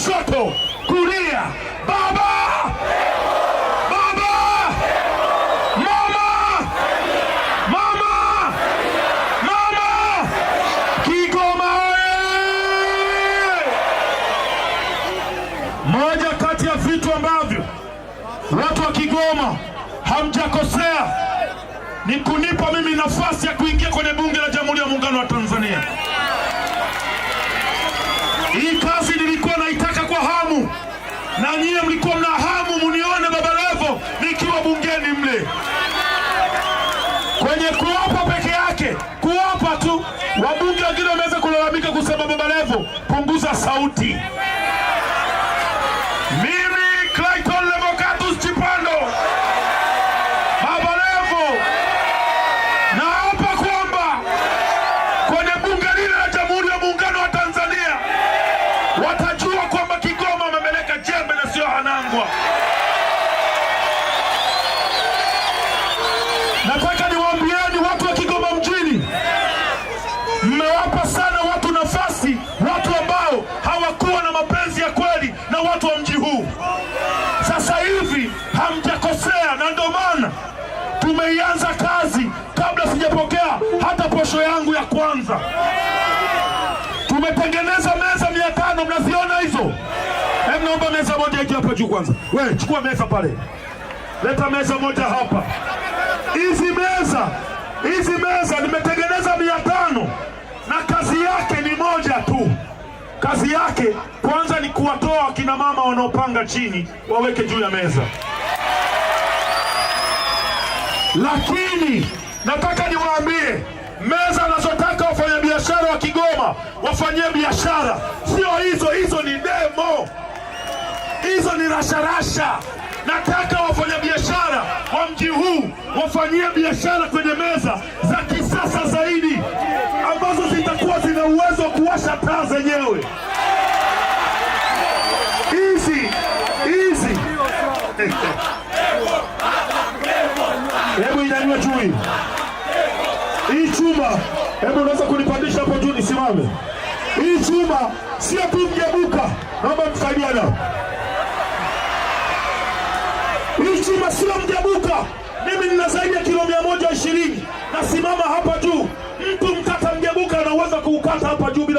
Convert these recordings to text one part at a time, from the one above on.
kushoto, kulia. Baba, Kigoma Moja kati ya vitu ambavyo watu wa Kigoma hamjakosea ni kunipa mimi nafasi ya kuingia kwenye bunge la Jamhuri ya Muungano na nyie mlikuwa mna hamu munione Baba Levo nikiwa bungeni mle kwenye kuapa peke yake, kuapa tu. Wabunge wengine wameweza kulalamika kusema Baba Levo punguza sauti. hamjakosea, na ndio maana tumeianza kazi kabla sijapokea hata posho yangu ya kwanza. Tumetengeneza meza mia tano, mnaziona hizo? Hebu naomba meza moja ije hapa juu kwanza. We chukua meza pale, leta meza moja hapa. Hizi meza hizi meza nimetengeneza mia tano. Kazi yake kwanza ni kuwatoa wakina mama wanaopanga chini waweke juu ya meza. Lakini nataka niwaambie meza anazotaka wafanyabiashara wa Kigoma wafanyie biashara, sio hizo. Hizo ni demo, hizo ni rasharasha. Nataka wafanyabiashara wa mji huu wafanyie biashara kwenye meza za kisasa zaidi ambazo zitakuwa zina uwezo wa kuwasha wenyewe hizi hizi. Hebu inaniwe juu hii chuma, hebu unaweza kunipandisha hapo juu nisimame. Hii chuma sio tu mgebuka, naomba msaidiane. Hii chuma sio mgebuka, mimi nina zaidi ya kilo mia moja ishirini nasimama hapa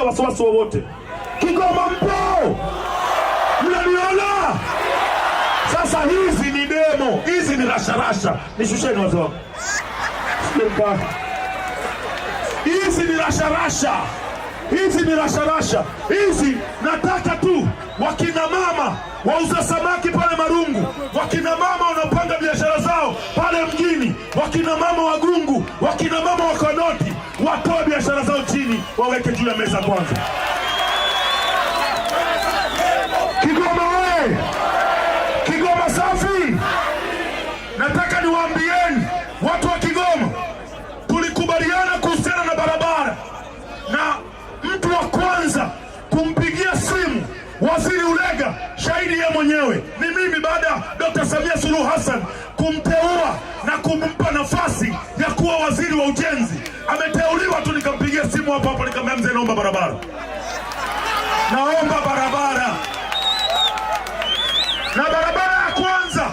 bila wasiwasi wowote. Kigoma mpo, mnaniona sasa. Hizi ni demo, hizi ni rasharasha. Nishusheni wazee hizi ni rasharasha hizi ni rasharasha hizi. Nataka tu wakina mama wauza samaki pale Marungu, wakina mama wanaopanga biashara zao pale mjini, wakina mama wagungu, wakina mama juu ya meza kwanza. Kigoma we! Kigoma safi! Nataka niwaambieni watu wa Kigoma, tulikubaliana kuhusiana na barabara, na mtu wa kwanza kumpigia simu Waziri Ulega, shahidi ye mwenyewe ni mimi, baada ya Dr. Samia Suluhu Hassan kumteua na kumpa nafasi ya kuwa waziri wa ujenzi, ameteuliwa tu, nikampigia simu hapo hapo naomba barabara, naomba barabara, na barabara ya kwanza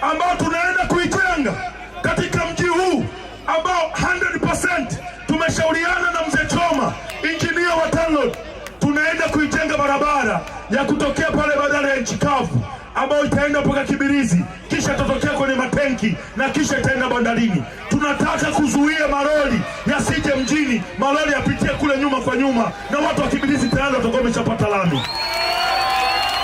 ambayo tunaenda kuijenga katika mji huu ambao 100% tumeshauriana na mzee Choma, injinia wa TANROADS, tunaenda kuijenga barabara ya kutokea pale badala ya nchikavu ambayo itaenda mpaka Kibirizi, kisha itatokea kwenye matenki na kisha itaenda bandarini. na watu wa Kibirizi tayari watakuwa wameshapata lami.